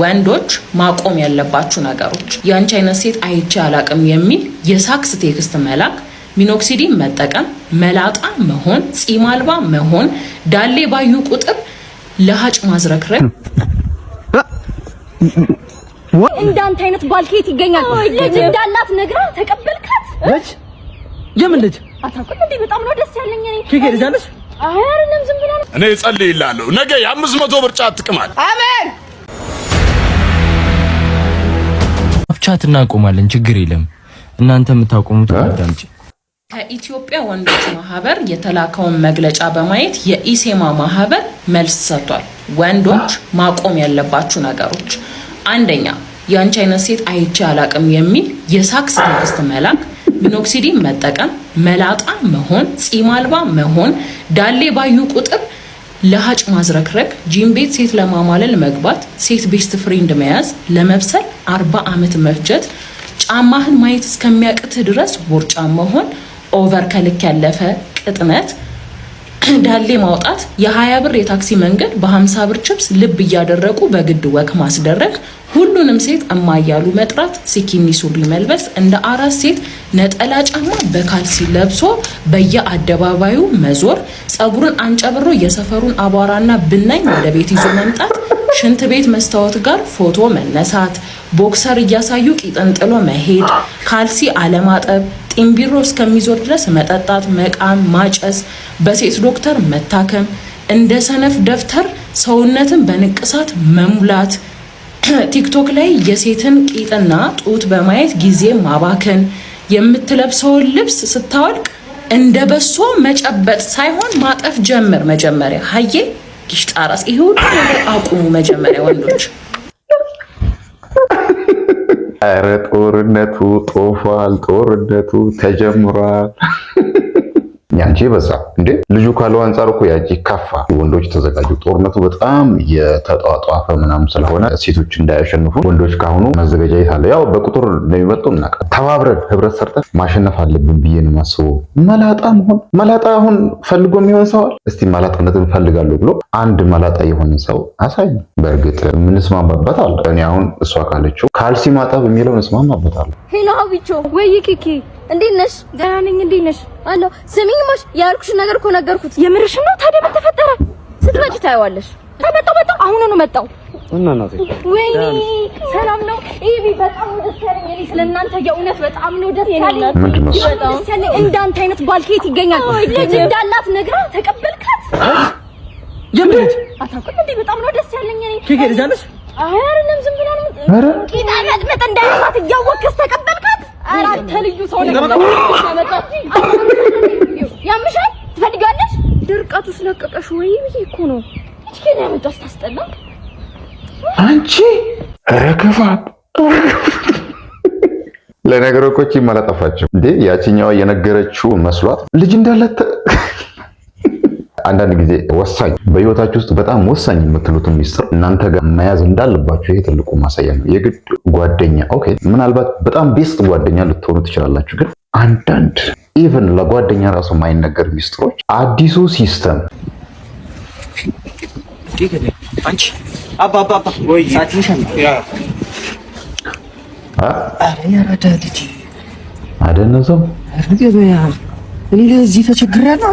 ወንዶች ማቆም ያለባችሁ ነገሮች የአንቺ አይነት ሴት አይቼ አላቅም የሚል የሳክስ ቴክስት መላክ፣ ሚኖክሲዲን መጠቀም፣ መላጣ መሆን፣ ጺም አልባ መሆን፣ ዳሌ ባዩ ቁጥር ለሀጭ ማዝረክረክ። እንዳንተ አይነት ባልኬት ይገኛል። ልጅ እንዳላት ነግራ ተቀበልካት። ልጅ የምን ልጅ አታውቅም እንዴ? በጣም ነው ደስ ያለኝ እኔ ከገር ዛለሽ አይደለም ዝም ብላ እኔ ጸልይላለሁ። ነገ የአምስት መቶ ብር ጫት ትቅማል። አሜን ብቻ እናቆማለን፣ ችግር የለም። እናንተ የምታቆሙት አዳምጪ። ከኢትዮጵያ ወንዶች ማህበር የተላከውን መግለጫ በማየት የኢሴማ ማህበር መልስ ሰጥቷል። ወንዶች ማቆም ያለባችሁ ነገሮች፣ አንደኛ የአንቺ አይነት ሴት አይቼ አላቅም የሚል የሳክስ ቴክስት መላክ፣ ሚኖክሲዲን መጠቀም፣ መላጣ መሆን፣ ጺም አልባ መሆን፣ ዳሌ ባዩ ቁጥር ለሀጭ ማዝረክረክ፣ ጂም ቤት ሴት ለማማለል መግባት፣ ሴት ቤስት ፍሬንድ መያዝ፣ ለመብሰል አርባ ዓመት መፍጀት፣ ጫማህን ማየት እስከሚያቅትህ ድረስ ቦርጫም መሆን፣ ኦቨር ከልክ ያለፈ ቅጥነት፣ ዳሌ ማውጣት፣ የ20 ብር የታክሲ መንገድ በ50 ብር ችፕስ ልብ እያደረጉ በግድ ወክ ማስደረግ ሁሉንም ሴት እማያሉ መጥራት፣ ሲኪኒ ሱሪ መልበስ፣ እንደ አራት ሴት ነጠላ ጫማ በካልሲ ለብሶ በየአደባባዩ መዞር፣ ጸጉሩን አንጨብሮ የሰፈሩን አቧራና ብናኝ ወደ ቤት ይዞ መምጣት፣ ሽንት ቤት መስታወት ጋር ፎቶ መነሳት፣ ቦክሰር እያሳዩ ቂጥን ጥሎ መሄድ፣ ካልሲ አለማጠብ ጢምቢሮ እስከሚዞር ድረስ መጠጣት፣ መቃም፣ ማጨስ፣ በሴት ዶክተር መታከም፣ እንደ ሰነፍ ደብተር ሰውነትን በንቅሳት መሙላት ቲክቶክ ላይ የሴትን ቂጥና ጡት በማየት ጊዜ ማባከን፣ የምትለብሰውን ልብስ ስታወልቅ እንደ በሶ መጨበጥ ሳይሆን ማጠፍ ጀምር። መጀመሪያ ሀዬ ጊሽጣራስ ይሄ ሁሉ ነገር አቁሙ። መጀመሪያ ወንዶች ኧረ ጦርነቱ ጦፏል፣ ጦርነቱ ተጀምሯል። ያንቺ በዛ እንዴ ልጁ ካለው አንጻር እኮ ያጂ ከፋ። ወንዶች ተዘጋጁ። ጦርነቱ በጣም የተጧጧፈ ምናምን ስለሆነ ሴቶች እንዳያሸንፉ ወንዶች ካሁኑ መዘገጃየት ይታለ ያው በቁጥር እንደሚመጡ እናቀ ተባብረን ህብረት ሰርተን ማሸነፍ አለብን ብዬ ነው የማስበው። መላጣ መሆን መላጣ አሁን ፈልጎ የሚሆን ሰዋል። እስቲ መላጣነትን ፈልጋለሁ ብሎ አንድ መላጣ የሆነ ሰው አሳይ። በእርግጥ አለ። እኔ አሁን እሷ ካለችው ካልሲ ማጠብ የሚለውን እስማማበታለሁ። ሄሎ አብቾ ወይ ኪኪ እንዴት ነሽ? ደህና ነኝ። እንዴት ነሽ? አለሁ። ስሚኝ ሞሽ፣ ያልኩሽ ነገር እኮ ነገርኩት። የምርሽ ነው? ታዲያ ምን ተፈጠረ? ስትመጪ ታየዋለሽ። መጣሁ መጣው፣ አሁን ነው መጣው። እና ነው ወይኔ ሰላም ነው? ኢቪ። በጣም ደስ ያለኝ እኔ ስለናንተ የእውነት በጣም ነው ደስ ያለኝ። እንዳንተ አይነት ባል ከየት ይገኛል? ልጅ እንዳላት ነግራ ተቀበልካት? ጀምሪት አታውቅም እንዴ? በጣም ነው ደስ ያለኝ እኔ። ኬክ ልጅ አለሽ? አይ አይደለም፣ ዝም ብላ ነው። ኧረ ቂጣ መጥመጥ እንዳይመስላት እያወቅሽ ተቀበል አራት ልዩ ሰው ነው ያምሻል። ትፈልጋለሽ? ድርቀቱ ስለቀቀሽ ወይ ብዬ እኮ ነው። ታስጠላ አንቺ ረከፋት። ለነገሮች ይመለጠፋቸው እንዴ ያቺኛዋ የነገረችው መስሏት ልጅ እንዳለ አንዳንድ ጊዜ ወሳኝ በህይወታችሁ ውስጥ በጣም ወሳኝ የምትሉትን ሚስጥር እናንተ ጋር መያዝ እንዳለባችሁ ይሄ ትልቁ ማሳያ ነው። የግድ ጓደኛ ኦኬ፣ ምናልባት በጣም ቤስት ጓደኛ ልትሆኑ ትችላላችሁ፣ ግን አንዳንድ ኢቨን ለጓደኛ ራሱ የማይነገር ሚስጥሮች አዲሱ ሲስተም አደነዘው እንደዚህ ተቸግረ ነው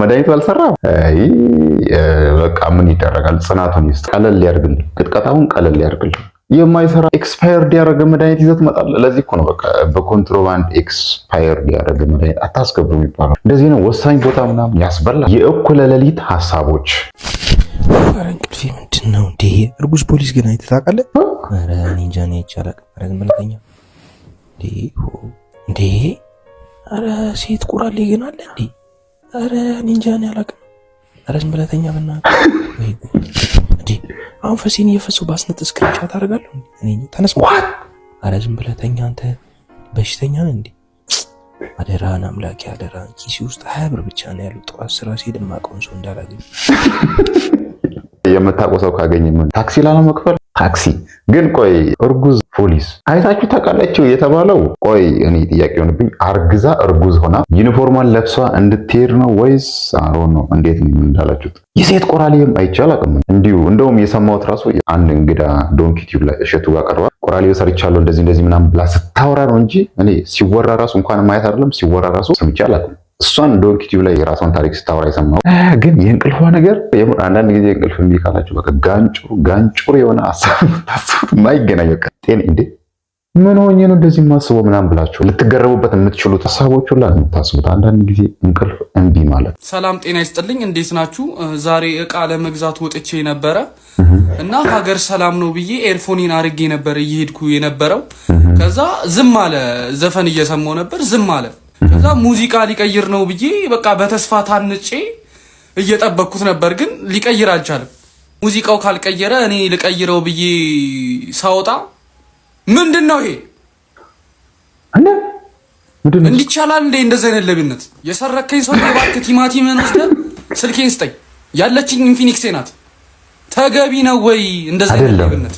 መድኃኒት ባልሰራ በቃ ምን ይደረጋል? ጽናቱን ይስጥ፣ ቀለል ያርግልን፣ ቅጥቀጣውን ቀለል ያርግልን። የማይሰራ ኤክስፓየርድ ያደረገ መድኃኒት ይዘት ትመጣለህ። ለዚህ እኮ ነው በቃ በኮንትሮባንድ ኤክስፓየርድ ያደረገ መድኃኒት አታስገብሩ የሚባለው። እንደዚህ ነው። ወሳኝ ቦታ ምናምን ያስበላል። የእኩለ ሌሊት ሀሳቦች ኧረ እንቅልፌ ምንድን ነው እንዴ? እርጉዝ ፖሊስ ግን አይተህ ታውቃለህ? ኧረ እኔ እንጃ እኔ አይቻልም። ኧረ ግን መለተኛ እንዴ እንዴ! ኧረ ሴት ቁራሌ ግን አለ እንዴ? አረ ኒንጃን እንጃ እኔ አላውቅም። ኧረ ዝም ብለህ ተኛ በእናትህ። አሁን ፈሴን እየፈሱ ባስነጥ እስክንጫ ታደርጋለሁ። እኔ ተነስ። ኧረ ዝም ብለህ አንተ በሽተኛ ነህ እንዴ? አደራህን አምላኬ አደራህን። ኪሲ ውስጥ ሀያ ብር ብቻ ነው ያለው። ጠዋት ስራ ሲሄድ የማውቀውን ሰው እንዳላገኝ የምታውቀው ሰው ካገኘ ታክሲ ላለመክፈል ታክሲ ግን ቆይ እርጉዝ ፖሊስ አይታችሁ ታውቃላችሁ የተባለው ቆይ እኔ ጥያቄ ሆንብኝ። አርግዛ እርጉዝ ሆና ዩኒፎርሟን ለብሷ እንድትሄድ ነው ወይስ አሮ ነው? እንዴት ነው እንዳላችሁት? የሴት ቆራሌም አይቻል አቅም እንዲሁ እንደውም የሰማሁት ራሱ አንድ እንግዳ ዶንኪ ቲዩብ ላይ እሸቱ ጋር ቀርባ ቆራሌው ሰርቻለሁ እንደዚህ እንደዚህ ምናምን ብላ ስታወራ ነው እንጂ እኔ ሲወራ ራሱ እንኳን ማየት አይደለም ሲወራ ራሱ ሰምቼ አላቅም እሷን እንደውም ዩቲዩብ ላይ የራሷን ታሪክ ስታወራ የሰማው ግን የእንቅልፏ ነገር አንዳንድ ጊዜ እንቅልፍ እምቢ ካላችሁ በቃ ጋንጩሩ ጋንጩር የሆነ ሀሳብ ታስቡት ማይገናኝ በቃ ጤን እንዴ ምን ሆኜ ነው እንደዚህ ማስበው ምናምን ብላችሁ ልትገረቡበት የምትችሉት ሀሳቦች ሁላ የምታስቡት አንዳንድ ጊዜ እንቅልፍ እምቢ ማለት። ሰላም ጤና ይስጥልኝ፣ እንዴት ናችሁ? ዛሬ እቃ ለመግዛት ወጥቼ ነበረ እና ሀገር ሰላም ነው ብዬ ኤርፎኔን አድርጌ ነበር እየሄድኩ የነበረው። ከዛ ዝም አለ፣ ዘፈን እየሰማው ነበር፣ ዝም አለ። ከዛ ሙዚቃ ሊቀይር ነው ብዬ በቃ በተስፋ ታንጬ እየጠበቅኩት ነበር፣ ግን ሊቀይር አልቻለም። ሙዚቃው ካልቀየረ እኔ ልቀይረው ብዬ ሳወጣ ምንድን ነው ይሄ? እንዲቻላል እንዴ እንደዚህ አይነት ለብነት የሰረከኝ ሰው እባክህ ቲማቲምህን ወስደህ ስልኬን ስጠኝ። ያለችኝ ኢንፊኒክሴ ናት። ተገቢ ነው ወይ እንደዚህ አይነት ለብነት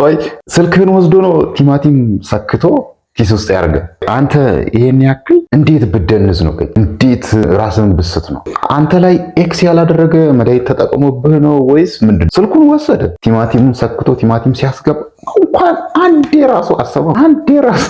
ቆይ ስልክህን ወስዶ ነው ቲማቲም ሰክቶ ኪስ ውስጥ ያርገ። አንተ ይሄን ያክል እንዴት ብደንዝ ነው? እንዴት ራስን ብስት ነው? አንተ ላይ ኤክስ ያላደረገ መድኃኒት ተጠቅሞብህ ነው ወይስ ምንድን? ስልኩን ወሰደ። ቲማቲሙን ሰክቶ ቲማቲም ሲያስገባ እንኳን አንዴ ራሱ አሰበ። አንዴ ራሱ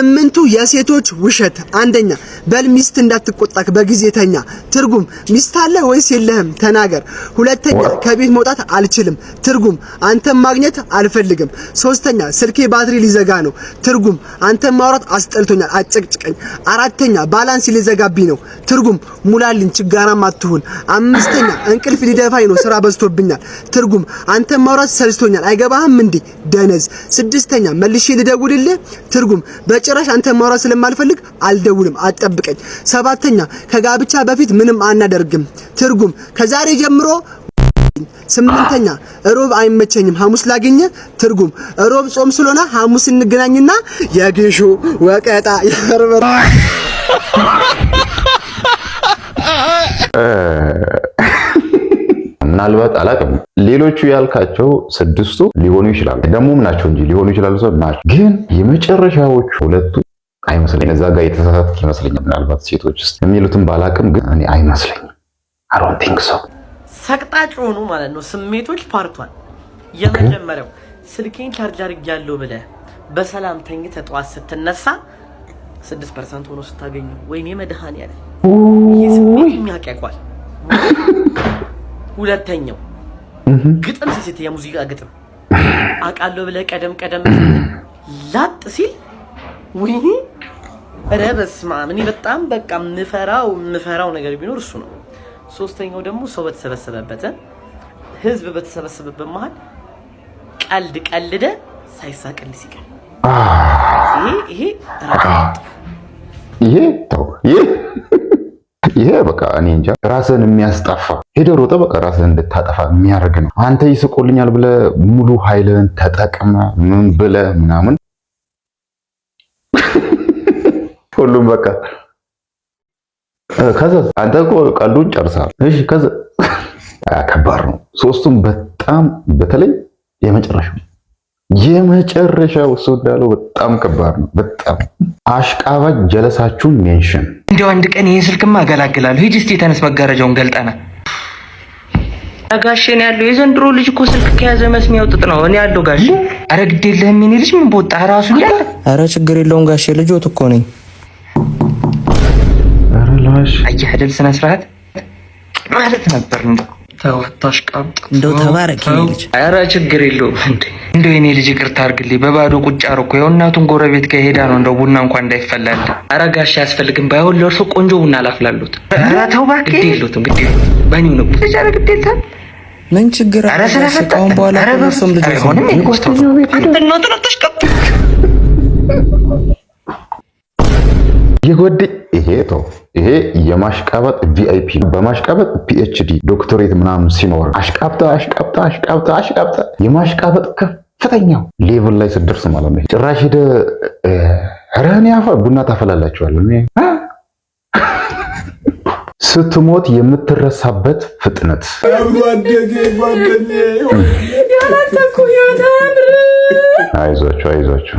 እምንቱ የሴቶች ውሸት አንደኛ በል ሚስት እንዳትቆጣክ በጊዜተኛ ትርጉም ሚስት አለ ወይስ የለህም ተናገር ሁለተኛ ከቤት መውጣት አልችልም ትርጉም አንተን ማግኘት አልፈልግም ሶስተኛ ስልኬ ባትሪ ሊዘጋ ነው ትርጉም አንተን ማውራት አስጠልቶኛል አጨቅጭቀኝ አራተኛ ባላንስ ሊዘጋብኝ ነው ትርጉም ሙላልኝ ችጋራም አትሁን አምስተኛ እንቅልፍ ሊደፋኝ ነው ስራ በዝቶብኛል ትርጉም አንተን ማውራት ሰልስቶኛል አይገባህም እንዴ ደነዝ ስድስተኛ መልሼ ልደውልልህ ትርጉም በጭራሽ አንተ ማውራት ስለማልፈልግ አልደውልም፣ አጠብቀኝ። ሰባተኛ ከጋብቻ በፊት ምንም አናደርግም። ትርጉም ከዛሬ ጀምሮ ስምንተኛ ሮብ አይመቸኝም፣ ሐሙስ ላገኘ። ትርጉም ሮብ ጾም ስለሆነ ሐሙስ እንገናኝና የጌሾ ወቀጣ የበርበሬ ምናልባት አላቅም ሌሎቹ ያልካቸው ስድስቱ ሊሆኑ ይችላሉ፣ ደግሞም ናቸው እንጂ ሊሆኑ ይችላሉ ሰው ናቸው። ግን የመጨረሻዎቹ ሁለቱ አይመስለኝ። እዛ ጋር የተሳሳትክ ይመስለኛል። ምናልባት ሴቶች ስ የሚሉትን ባላቅም፣ ግን እኔ አይመስለኝም። አሮን ቲንክ ሰው ሰቅጣጭ ሆኑ ማለት ነው ስሜቶች ፓርቷል። የመጀመሪያው ስልኬን ቻርጅ አድርጌያለሁ ብለህ በሰላም ተኝተህ ጠዋት ስትነሳ ስድስት ፐርሰንት ሆኖ ስታገኙ ወይኔ መድኃኔዓለም ይህ ስሜት የሚያውቅ ሁለተኛው ግጥም ሲሴት የሙዚቃ ግጥም አውቃለሁ ብለህ ቀደም ቀደም ላጥ ሲል ውይ ኧረ በስመ አብ! እኔ በጣም በቃ ምፈራው ምፈራው ነገር ቢኖር እሱ ነው። ሶስተኛው ደግሞ ሰው በተሰበሰበበት ህዝብ በተሰበሰበበት መሀል ቀልድ ቀልደ ሳይሳቅል ሲቀር ይሄ ይሄ ይሄ ይሄ በቃ እኔ እንጃ ራስን የሚያስጠፋ ሄደ ሮጠ በቃ ራስህን እንድታጠፋ የሚያደርግ ነው። አንተ ይስቆልኛል ብለ ሙሉ ኃይልህን ተጠቅመ ምን ብለ ምናምን ሁሉም በቃ ከዛ አንተ እኮ ቀልዱን ጨርሳል። እሺ ከዛ ከባድ ነው። ሶስቱም በጣም በተለይ የመጨረሻው የመጨረሻው እሱ እንዳለው በጣም ከባድ ነው። በጣም አሽቃባጭ ጀለሳችሁ ሜንሽን እንዲያው አንድ ቀን ይህን ስልክማ አገላግላለሁ። ሂጂ እስኪ ተነስ፣ መጋረጃውን ገልጠና ጋሽን ያለው የዘንድሮ ልጅ እኮ ስልክ ከያዘ መስሚያው ጥጥ ነው። እኔ ያለው ጋሽ ኧረ ግድ የለህም የእኔ ልጅ ምን በወጣ ራሱ እያለ አረ ችግር የለውም ጋሽ ልጆት እኮ ነኝ። አረ ላሽ አየህ አይደል ስነ ስርዓት ማለት ነበር እንደው ተወታሽ አታሽቃብጥ። እንደው ተባረክ ልጅ። ኧረ ችግር የለውም። እንደው የኔ ልጅ ይቅርታ አድርግልኝ። በባዶ ቁጭ አርኩ ያው እናቱን ጎረቤት ጋር ሄዳ ነው እንደው ቡና እንኳን እንዳይፈላል። ኧረ ጋሽ አያስፈልግም። ባይሆን ለእርሶ ቆንጆ ቡና አላፍላሉት። ተው እባክህ። ግድ የለውም ግድ የለውም። በእኔው ነው ልጅ። ኧረ ግድ የለም። ምን ችግር አለ? ስለፈጠን በኋላ ሰም ልጅ አይሆንም። ቤት ውስጥ ነው። አንድ እናቱን አታሽቃብጥ የጎዴ ይሄ ቶ ይሄ የማሽቃበጥ ቪአይፒ ነው። በማሽቃበጥ ፒኤችዲ ዶክቶሬት ምናምን ሲኖር አሽቃብጠ አሽቃብጠ አሽቃብጠ አሽቃብጠ የማሽቃበጥ ከፍተኛው ሌቭል ላይ ስደርስ ማለት ነው። ጭራሽ ሄደ ረህን ያፈ ቡና ታፈላላችኋል ስትሞት የምትረሳበት ፍጥነት አይዟችሁ አይዟችሁ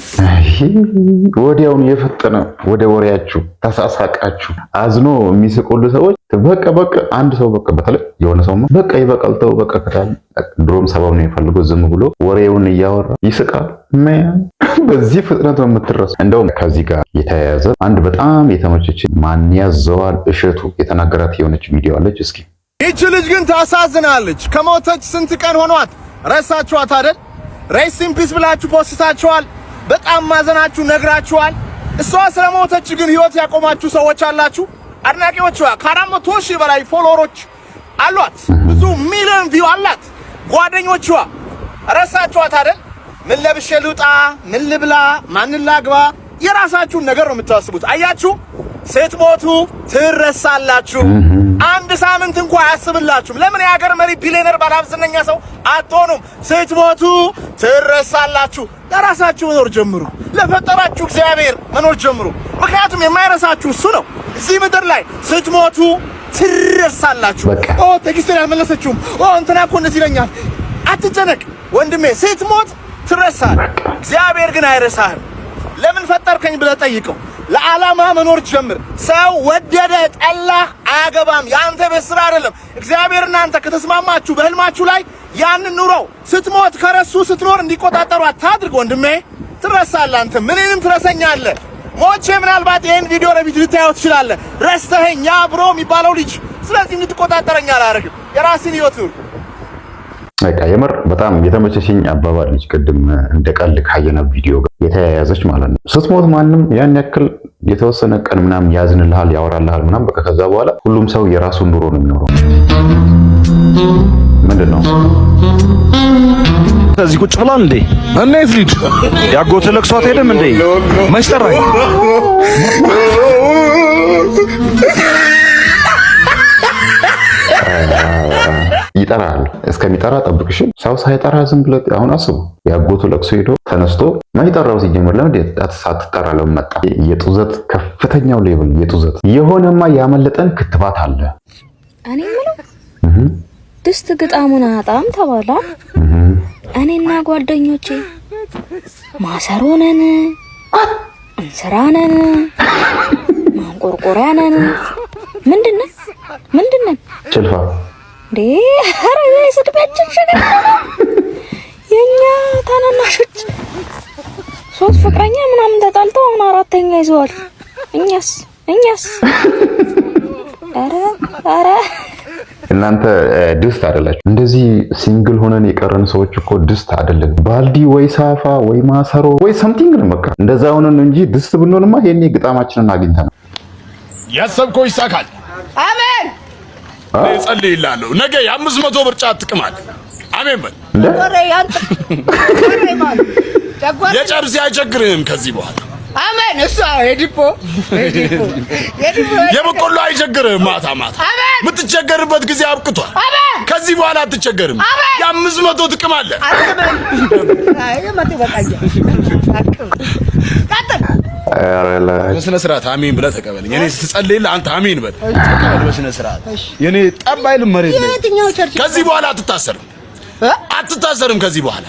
ወዲያውኑ የፈጠነ ወደ ወሬያችሁ ተሳሳቃችሁ። አዝኖ የሚስቁሉ ሰዎች በቃ በቃ አንድ ሰው በቃ በተለይ የሆነ ሰው በቃ ይበቃል፣ ተው በቃ ከታል ድሮም ሰበብ ነው የሚፈልገው። ዝም ብሎ ወሬውን እያወራ ይስቃል። በዚህ ፍጥነት ነው የምትረሱ። እንደውም ከዚህ ጋር የተያያዘ አንድ በጣም የተመቸች ማን ያዘዋል እሸቱ የተናገራት የሆነች ቪዲዮ አለች። እስኪ ይቺ ልጅ ግን ታሳዝናለች። ከሞተች ስንት ቀን ሆኗት? ረሳችኋት አደል? ሬስት ኢን ፒስ ብላችሁ ፖስታችኋል። በጣም ማዘናችሁ ነግራችኋል። እሷ ስለሞተች ግን ህይወት ያቆማችሁ ሰዎች አላችሁ። አድናቂዎቿ ከአራት መቶ ሺህ በላይ ፎሎወሮች አሏት። ብዙ ሚሊዮን ቪው አላት። ጓደኞቿ ረሳችኋት አይደል? ምን ለብሼ ልውጣ፣ ምን ልብላ፣ ማን ላግባ? የራሳችሁን ነገር ነው የምታስቡት። አያችሁ ስትሞቱ ትረሳላችሁ። አንድ ሳምንት እንኳ አያስብላችሁም። ለምን የሀገር መሪ ቢሊዮነር ባለሀብትነኛ ሰው አትሆኑም? ስትሞቱ ትረሳላችሁ። ለራሳችሁ መኖር ጀምሩ። ለፈጠራችሁ እግዚአብሔር መኖር ጀምሩ። ምክንያቱም የማይረሳችሁ እሱ ነው። እዚህ ምድር ላይ ስትሞቱ ትረሳላችሁ። ኦ ቴክስቴን አልመለሰችውም። ኦ እንትና እኮ እንደዚህ ይለኛል። አትጨነቅ ወንድሜ፣ ስትሞት ትረሳል። እግዚአብሔር ግን አይረሳህም። ለምን ፈጠርከኝ ብለህ ጠይቀው። ለዓላማ መኖር ጀምር። ሰው ወደደ ጠላህ አያገባም። የአንተ ቤት ስራ አይደለም። እግዚአብሔር እናንተ ከተስማማችሁ በህልማችሁ ላይ ያንን ኑሮ ስትሞት ከረሱ ስትኖር እንዲቆጣጠሩ አታድርግ ወንድሜ። ትረሳለህ። አንተ ምንንም ትረሰኛለህ። ሞቼ ምናልባት ይህን ቪዲዮ ለፊት ልታየው ትችላለህ። ረስተኸኝ ያ ብሮ የሚባለው ልጅ። ስለዚህ እንድትቆጣጠረኝ አላደርግም። የራስን ህይወት ኑር። በቃ የምር በጣም የተመቸሽኝ አባባል ልጅ ቅድም እንደ ቀልድ ካየና ቪዲዮ ጋር የተያያዘች ማለት ነው። ስትሞት ማንም ያን ያክል የተወሰነ ቀን ምናምን ያዝንልሃል፣ ያወራልሃል ምናምን በቃ ከዛ በኋላ ሁሉም ሰው የራሱን ኑሮ ነው የሚኖረው። ምንድን ነው እዚህ ቁጭ ብላል እንዴ እኔት ልጅ ያጎተ ለቅሶ አትሄድም እንዴ መች ይጠራ አለ። እስከሚጠራ ጠብቅሽ። ሰው ሳይጠራ ዝም ብለ አሁን አስቡ። ያጎቱ ለቅሶ ሄዶ ተነስቶ ማን የጠራው ሲጀምር ለምን ሳትጠራ ለምን መጣ? የጡዘት ከፍተኛው ሌብል የጡዘት የሆነማ ያመለጠን ክትባት አለ። እኔ የምለው ድስት ግጣሙን አጣም ተባላ። እኔና ጓደኞቼ ማሰሮ ነን፣ እንስራ ነን፣ ማንቆርቆሪያ ነን። ምንድነው ምንድነው ጭልፋ እንዴ ኧረ ስድባችን ሸገር የእኛ ታናናሾች ሶስት ፍቅረኛ ምናምን ተጣልተው አሁን አራተኛ ይዘዋል። እኛስ እኛስ ኧረ ኧረ እናንተ ድስት አይደላችሁ። እንደዚህ ሲንግል ሆነን የቀረን ሰዎች እኮ ድስት አይደለን። ባልዲ ወይ ሳፋ ወይ ማሰሮ ወይ ሰምቲንግ ነው። በቃ እንደዛ ሆነን እንጂ ድስት ብንሆንማ ይሄኔ ግጣማችንን አግኝተናል። ያሰብከው ይሳካል። አሜን ጸልይላለሁ። ነገ የአምስት መቶ ብር ጫት ጥቅማል። አሜን በል። የጨርሴ አይቸግርህም ከዚህ በኋላ አሜን። እሷ የዲፖ የበቆሎ አይቸግርህም። ማታ ማታ የምትቸገርበት ጊዜ አብቅቷል። ከዚህ በኋላ አትቸገርም። የአምስት መቶ ጥቅም አለ። በስነ ስርዓት አሜን ብለህ ተቀበለኝ። እኔ ስትጸልይልህ አንተ አሜን በል ተቀበል በስነ ስርዓት። የኔ ጠብ አይልም መሬት ላይ። ከዚህ በኋላ አትታሰርም፣ አትታሰርም። ከዚህ በኋላ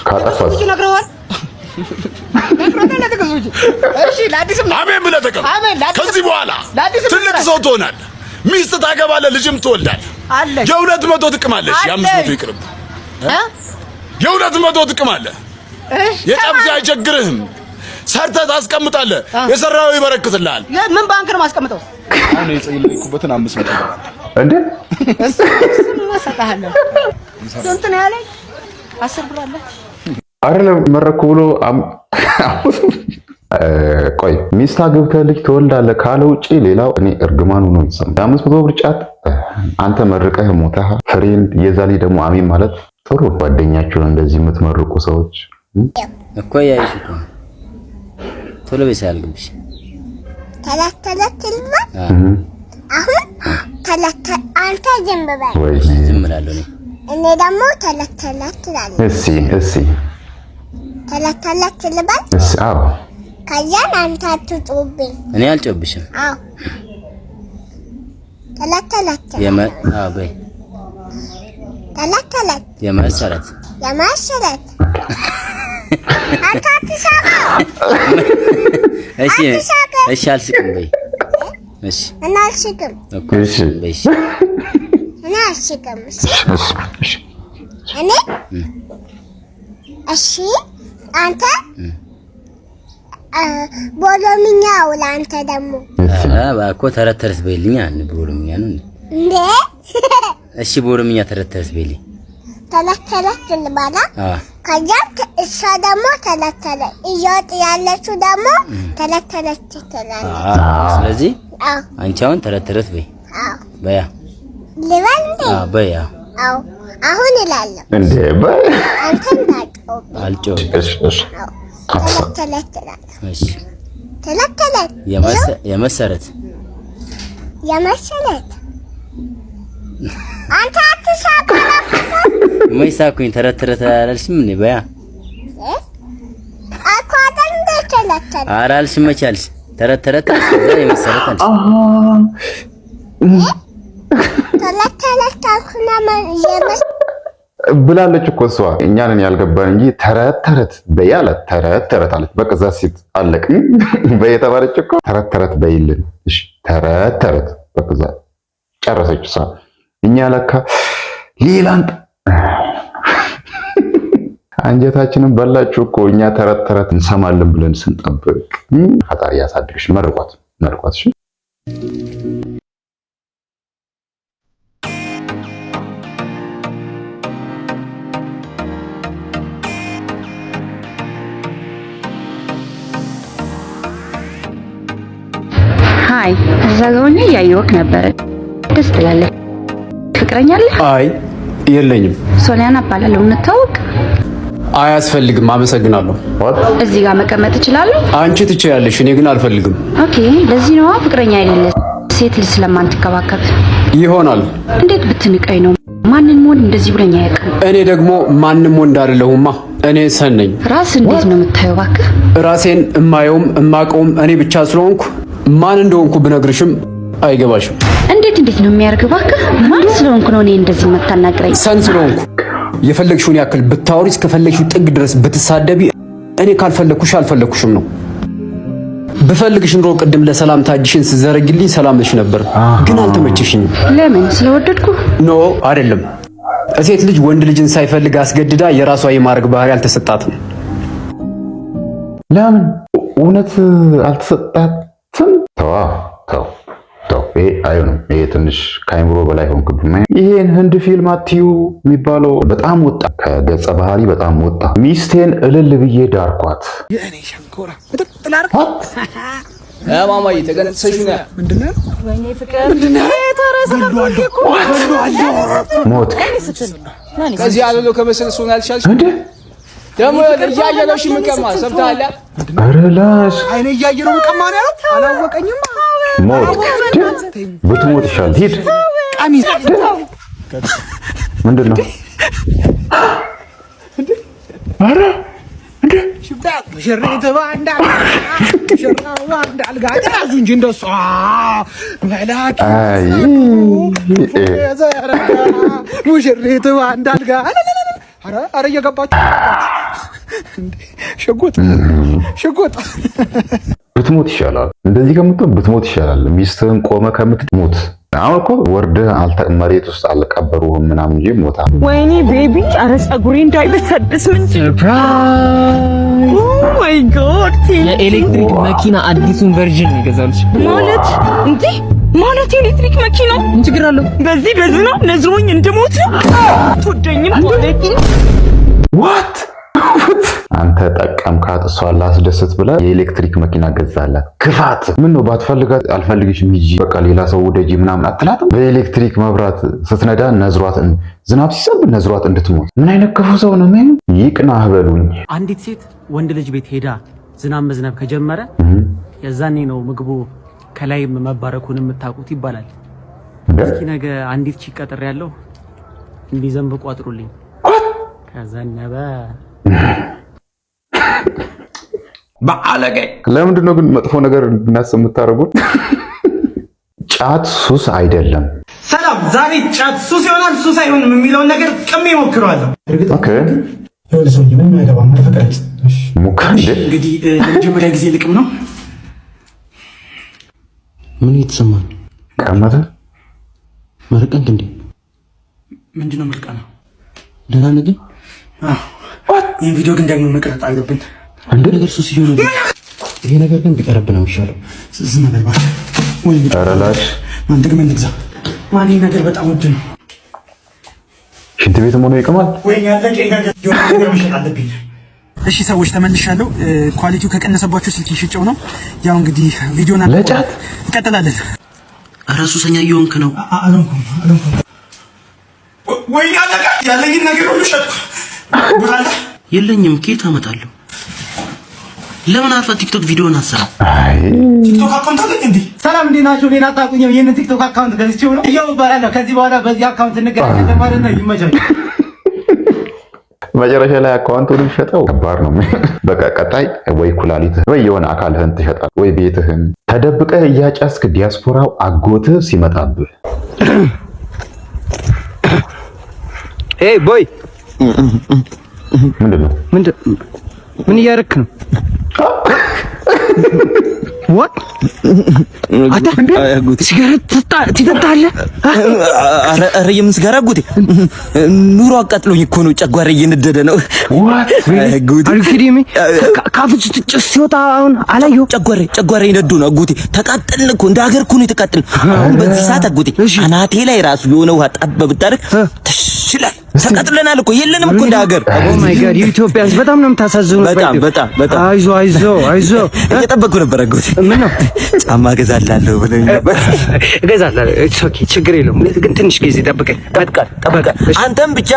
አሜን ብለህ ተቀበል። ከዚህ በኋላ ትልቅ ሰው ትሆናለህ፣ ሚስት ታገባለህ፣ ልጅም ትወልዳለህ። የሁለት መቶ ጥቅም አለሽ። የአምስት መቶ ይቅርብ፣ የሁለት መቶ ጥቅም አለ። የጠብ አይቸግርህም። ሰርተህ ታስቀምጣለህ። የሰራው ይበረክትልሃል። ምን ባንክ ነው የማስቀምጠው? አሁን የጸለይኩበትን አምስት መቶ ብር እንዴ እንትን ያለኝ አስር ብር አለ መረኩ ብሎ ቆይ ሚስት አግብተህ ልጅ ትወልዳለህ ካለ ውጪ ሌላው እኔ እርግማኑ ነው የሚሰማው። የአምስት መቶ ብር ጫት አንተ መርቀህ ሞተህ ፍሬንድ የዛ ላይ ደግሞ አሜን ማለት ጥሩ ጓደኛችሁን እንደዚህ የምትመርቁ ሰዎች እኮ ቶሎ በይ ሳያልቅብሽ እሺ እኔ አልጮህብሽም። የመሰረት የመሰረት እሺ እሺ አልስቅም በይ። እሺ እና አልስቅም እኮ እሺ በይ። እሺ እና አልስቅም እሺ እኔ እሺ አንተ ቦሎምኛ ውላ አንተ ደግሞ እባክዎ ተረት ተረት በይልኝ። ቦሎምኛ ነው እንዴ? እሺ ቦሎምኛ ተረት ተረት በይልኝ ተለተለች እንበላ። ከዛ እሷ ደግሞ ተለተለ እየወጥ ያለችው ደግሞ ተለተለች ትላለች። ስለዚህ አንቺ አሁን ተለተለት በይ በያ ልበል በያ አሁን እንዴ? በይ አልጮ ተለተለት የመሰረት የመሰረት አንተ አትሳቀቅ መይሳኩኝ ተረት ተረት አላልሽም እንዴ? በያ አቋጣን ደቸላቻል አራልሽ መቻልሽ ተረት ተረት ዘይ መሰረታል አሃ ብላለች እኮ እሷ። እኛንን ያልገባን እንጂ ተረት ተረት በይ አላት። ተረት ተረት አለች። በቃ እዛ ሴት አለቅ በይ የተባለች እኮ ተረት ተረት በይልን። እሺ ተረት ተረት በቃ እዛ ጨረሰች እሷ። እኛ ለካ ሌላን አንጀታችንን በላችሁ እኮ እኛ ተረት ተረት እንሰማለን ብለን ስንጠብቅ ፈጣሪ ያሳድግሽ። መርቋት መርቋት። እሺ አይ እዛ ጋር ሆኜ እያየሁህ ነበረ። ደስ ትላለህ። ፍቅረኛ አለህ? አይ የለኝም። ሶሊያና እባላለሁ። እንተዋወቅ አያስፈልግም። አመሰግናለሁ። እዚህ ጋር መቀመጥ እችላለሁ? አንቺ ትችያለሽ፣ እኔ ግን አልፈልግም። ኦኬ፣ ለዚህ ነዋ ፍቅረኛ አይደለች ሴት ልጅ ስለማንትከባከብ ይሆናል። እንዴት ብትንቀኝ ነው? ማንም ወንድ እንደዚህ ብለኝ አያውቅም። እኔ ደግሞ ማንም ወንድ አይደለሁማ እኔ ሰን ነኝ። ራስ እንዴት ነው የምታየው? እባክህ ራሴን እማየውም እማቀውም እኔ ብቻ ስለሆንኩ ማን እንደሆንኩ ብነግርሽም አይገባሽም። እንዴት እንዴት ነው የሚያደርግ? እባክህ ማን ስለሆንኩ ነው እኔ እንደዚህ የምታናግረኝ? ሰን ስለሆንኩ የፈለግሽውን ያክል ብታወሪ እስከፈለግሽው ጥግ ድረስ ብትሳደቢ እኔ ካልፈለግኩሽ አልፈለግኩሽም ነው። ብፈልግሽ ኑሮ ቅድም ለሰላምታ እጅሽን ስዘረግልኝ ሰላም ነበር፣ ግን አልተመቸሽኝም። ለምን? ስለወደድኩ ኖ አይደለም። እሴት ልጅ ወንድ ልጅን ሳይፈልግ አስገድዳ የራሷ የማድረግ ባህሪ አልተሰጣትም። ለምን? እውነት አልተሰጣትም። ተዋ ተው ይሄ አይሆንም። ይሄ ትንሽ ከአይምሮ በላይ ሆንክብኝ። ይሄን ህንድ ፊልም አትዩ የሚባለው በጣም ወጣ፣ ከገጸ ባህሪ በጣም ወጣ። ሚስቴን እልል ብዬ ዳርኳት። የእኔ ሸንኮራ ማማዬ ተገለጽሽ ሞት ከዚህ አለሎ ከመሰለ ሆን ያልሻል እንዴ ደግሞ እያየ ነው ሽምቀማ ሰምታለ ነው ምቀማ ነው ያሉት። አላወቀኝም። ሞት ብትሞት ይሻል። ሙሽሪት ባንድ አረ እየገባችሁ ሽጉጥ ሽጉጥ ብትሞት ይሻላል። እንደዚህ ከምትሆን ብትሞት ይሻላል። ሚስትህን ቆመ ከምትሞት አሁን እኮ ወርድህ መሬት ውስጥ አልቀበሩህም ምናምን እንጂ ሞታ። ወይኔ ቤቢ፣ አረ ፀጉሬ እንዳይበሰብስ ምን የኤሌክትሪክ መኪና አዲሱን ቨርዥን ይገዛልሽ ማለት እንዲህ ማለት የኤሌክትሪክ መኪና ምን ችግር አለው? በዚህ በዝናብ ነዝሮኝ እንድሞት ነው። ትወደኝም ዋት አንተ ጠቀምካት፣ እሷን ላስደስት ብለህ የኤሌክትሪክ መኪና ገዛላት። ክፋት ምን ነው? ባትፈልጋት አልፈልግሽም ሂጂ በቃ ሌላ ሰው ውደጂ ምናምን አትላትም? በኤሌክትሪክ መብራት ስትነዳ ነዝሯት፣ ዝናብ ሲሰብ ነዝሯት እንድትሞት ምን አይነት ክፉ ሰው ነው? ምን ይቅናህ በሉኝ። አንዲት ሴት ወንድ ልጅ ቤት ሄዳ ዝናብ መዝነብ ከጀመረ የዛኔ ነው ምግቡ ከላይ መባረኩን የምታውቁት ይባላል። እስኪ ነገ አንዲት ቺ ቀጥር ያለው እንዲዘንብ ቋጥሩልኝ። ከዘነበ በአለገ ለምንድን ነው ግን መጥፎ ነገር እንድናስብ የምታደርጉት? ጫት ሱስ አይደለም። ሰላም፣ ዛሬ ጫት ሱስ ይሆናል ሱስ አይሆንም የሚለውን ነገር ቅሜ ሞክረዋለሁ። እንግዲህ ለመጀመሪያ ጊዜ ልቅም ነው ምን እየተሰማህ ነው? ቀመተ መርቀንክ እንዴ? ምንድነው መልቀና? ደህና ነህ ግን? አዎ። ይሄን ቪዲዮ ግን ደግሞ መቅረጥ አለብን። አንድ ነገር ሱስ እየሆነ ይሄ ነገር ግን ቢቀርብ ነው የሚሻለው። ዝም በል እባክህ። ወይ አራላሽ ማን ደግመን እንግዛ ማን ይሄ ነገር በጣም ውድ ነው። ሽንት ቤትም ሆኖ ይቀማል ወይ ያለቀ ቄጋ ጆሮ ነገር መሸጥ አለብኝ እሺ ሰዎች ተመልሻለሁ። ኳሊቲው ከቀነሰባችሁ ስልክ ይሽጨው ነው። ያው እንግዲህ ቪዲዮና እንቀጥላለን። ኧረ ሱሰኛ እየሆንክ ነው። ያለኝን ነገር ሁሉ ሸጥኩ። የለኝም፣ ከየት አመጣለሁ? ለምን አርፈህ ቲክቶክ ቪዲዮን አሰራ? አይ ቲክቶክ አካውንት አለኝ እንዴ? ሰላም እንዴት ናችሁ? እኔን አታውቁኝም። ቲክቶክ አካውንት ገዝቼው ነው። ከዚህ በኋላ በዚህ አካውንት እንገናኛለን ማለት ነው። ይመቻችሁ። መጨረሻ ላይ አካውንቱን ሸጠው ከባድ ነው። በቃ ቀጣይ ወይ ኩላሊትህ ወይ የሆነ አካልህን ትሸጣል ወይ ቤትህን ተደብቀህ እያጫስክ ዲያስፖራው አጎትህ ሲመጣብህ ቦይ ምንድን ነው? ምን እያደረክ ነው? ሲጋራ ትጠጣለህ? ኧረ የምን ሲጋራ ጉዴ? ኑሮ አቃጥሎኝ እኮ ነው፣ ጨጓራ እየነደደ ነው። ካፍ ጭስ ሲወጣ አሁን አላየሁም። ጨጓራ ጨጓራ ነው ተቃጠልን እኮ እንደ ሀገር እኮ ነው የተቃጠልን። አሁን በዚህ ሰዓት አናቴ ላይ ራሱ የሆነ ውሃ ብታደርግ ይችላል። ተቀጥለናል እኮ የለንም እኮ እንደ ሀገር። ኦ ማይ ጋድ ኢትዮጵያ በጣም ነው የምታሳዝኑ። በጣም በጣም በጣም አይዞ አይዞ አይዞ እየጠበቅኩ ነበር። አጎቴ ምን ነው ጫማ እገዛላለሁ ብለኝ ነበር። እገዛላለሁ። ኢትስ ኦኬ፣ ችግር የለውም ግን ትንሽ ጊዜ ጠብቀኝ። ጠብቀን ጠብቀን አንተም ብቻ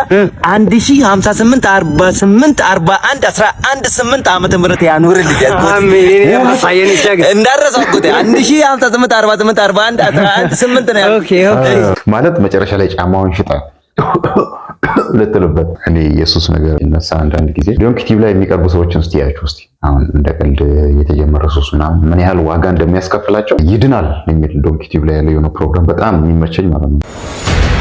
1058 48 41 11 8 ዓመተ ምህረት ያኑርልኝ አጎቴ። አሜን። እኔ ማሳየን ይችላል እንዳረሳው 1058 48 41 11 8 ነው። ኦኬ ኦኬ ማለት መጨረሻ ላይ ጫማውን ሽጣ ልትልበት እኔ ኢየሱስ ነገር ይነሳ አንዳንድ ጊዜ ዶን ላይ የሚቀርቡ ሰዎችን ውስጥ ያያችሁ ውስጥ አሁን እንደ ቀልድ የተጀመረ ሱስ ምናምን ምን ያህል ዋጋ እንደሚያስከፍላቸው ይድናል የሚል ዶንኪ ኪቲቭ ላይ ያለ የሆነ ፕሮግራም በጣም የሚመቸኝ ማለት ነው።